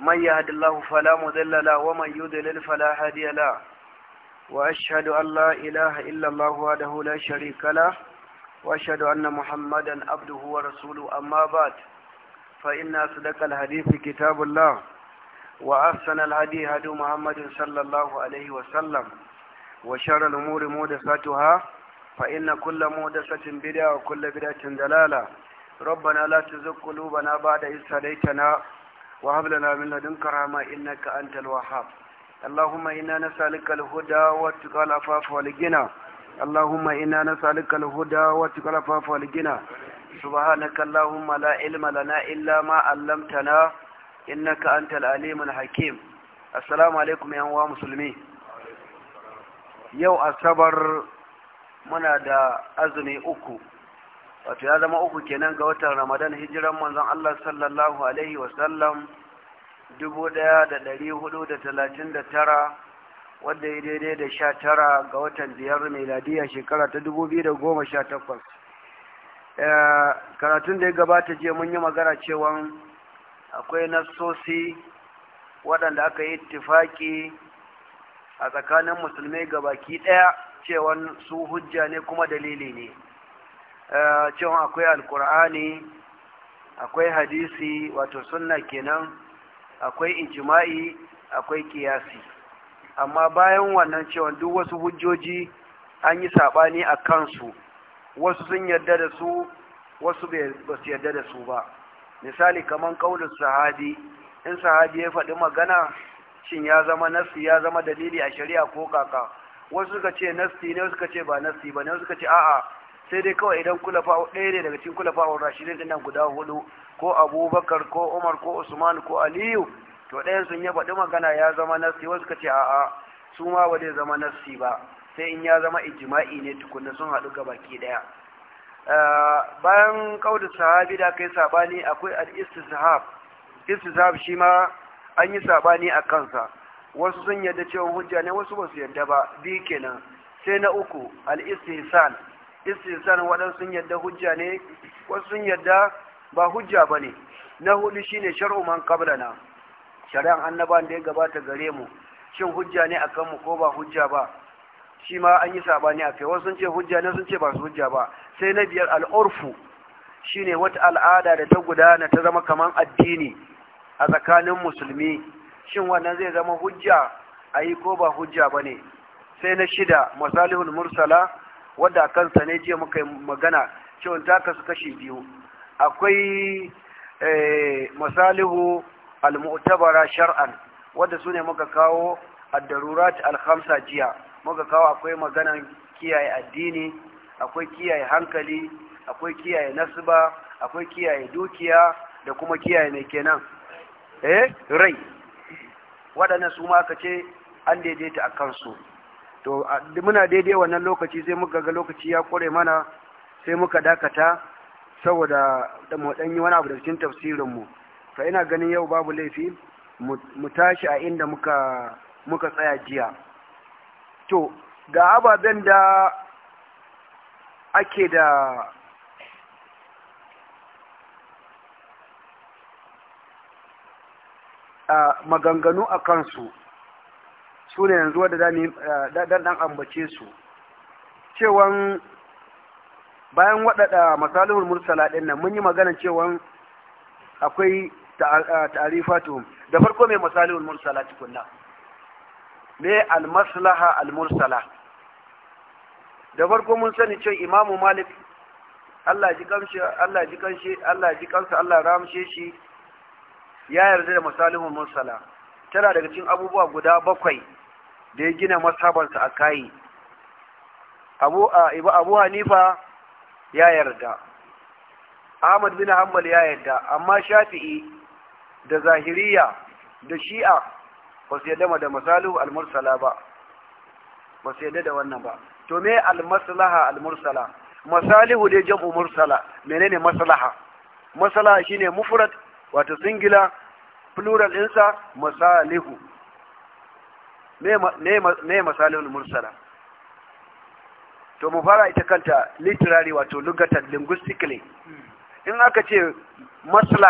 من يهد الله فلا مضل له ومن يضلل فلا هادي له وأشهد أن لا إله إلا الله وحده لا شريك له وأشهد أن محمدا عبده ورسوله أما بعد فإن أصدق الحديث كتاب الله وأحسن الهدي هدي محمد صلى الله عليه وسلم وشر الأمور محدثاتها فإن كل محدثة بدعة وكل بدعة دلالة ربنا لا تزغ قلوبنا بعد إذ هديتنا وهب لنا من لدنك رحمة إنك أنت الوهاب اللهم إنا نسألك الهدى والتقى العفاف والغنى اللهم إنا نسألك الهدى والتقى العفاف والغنى سبحانك اللهم لا علم لنا إلا ما علمتنا إنك أنت العليم الحكيم السلام عليكم يا أنواع مسلمين يو أصبر منا دا أزمي أكو wato ya zama uku kenan ga watan ramadan hijiran manzon Allah sallallahu alaihi wasallam 1439 wadda ya daidai da 19 ga watan biyar meladiya shekara ta 2018 eh, karatun da ya gabata je mun yi magana cewa akwai nassosi waɗanda aka yi tifaki a tsakanin musulmai gabaki ɗaya cewa su hujja ne kuma dalili ne Eh, cewa akwai alkur'ani akwai hadisi wato sunna kenan akwai ijma'i akwai kiyasi amma bayan wannan cewa duk wasu hujjoji an yi saɓani a kansu wasu sun yarda da su wasu ba su yarda da su ba misali kamar kaulin sahabi in sahabi ya faɗi magana shin ya zama nasi ya zama dalili a shari'a ko kaka wasu suka ce nasi ne suka ce ba nasi ba ne suka ce a'a sai dai kawai idan kula kulafa ɗaya ne daga cikin kula kulafawar rashidin din guda hudu ko abubakar ko umar ko usman ko aliyu to ɗayan sun ya faɗi magana ya zama nassi wasu ka ce a'a su ma ba zai zama nassi ba sai in ya zama ijma'i ne tukunna sun haɗu ga baki ɗaya ah, bayan kaudin sahabi da aka yi saɓani akwai al-istishab istishab shi ma an yi saɓani a kansa wasu sun yadda cewa hujja ne wasu ba su yadda ba bi kenan sai na uku al-istihsan istinsan waɗansu sun yadda hujja ne wasu yadda ba hujja ba na hudu shine shar'u man qablana shari'an annaban da ya gabata gare mu shin hujja ne akan mu ko ba hujja ba shi ma an yi sabani a kai wasu ce hujja ne sun ce ba su hujja ba sai na biyar al'urfu shine wata al'ada da ta gudana ta zama kaman addini a tsakanin musulmi shin wannan zai zama hujja a yi ko ba hujja ba ne sai na shida masalihul mursala wadda a kansa ne jiya muka yi magana cewa ta kasu kashi biyu akwai eh, masalihu al-mu'tabara shar'an wadda su ne muka kawo ad-darurat al-khamsa jiya muka kawo akwai maganan kiyaye addini akwai kiyaye hankali akwai kiyaye nasba akwai kiyaye dukiya da kuma kiyaye mai kenan eh rai waɗannan su ma aka ce an daidaita a kansu to muna daidai wannan lokaci sai muka ga lokaci ya kore mana sai muka dakata saboda da mu dan yi wani abu da cikin tafsirin mu fa ina ganin yau babu laifi mu tashi a inda muka muka tsaya jiya to ga ababen da ake da maganganu a kansu su ne yanzu wadda eh, dan dan ambace su cewan bayan waɗanda masalihul mursala ɗin nan mun yi magana cewan akwai eh, ta'arifatu da farko mai masalihul mursala tukunna me almaslaha almursala da farko mun sani cewa imamu malik Allah ji kanshi Allah ji kanshi Allah ji kansa Allah ramshe shi ya yarda da masalihul mursala tana daga cikin abubuwa guda bakwai da ya gina masabansa a kayi abu abu hanifa ya yarda ahmad bin hanbal ya yarda amma shafi'i da zahiriya da shi'a ba su yarda da masalu al-mursala ba ba su yadda da wannan ba to me al-maslaha al-mursala masalihu dai jam'u mursala menene maslaha maslaha shine mufrad wato singular plural ɗinsa masalihu nema salihun mursala to mu fara ita kanta literary wato lugatan linguistically hmm. in aka ce masla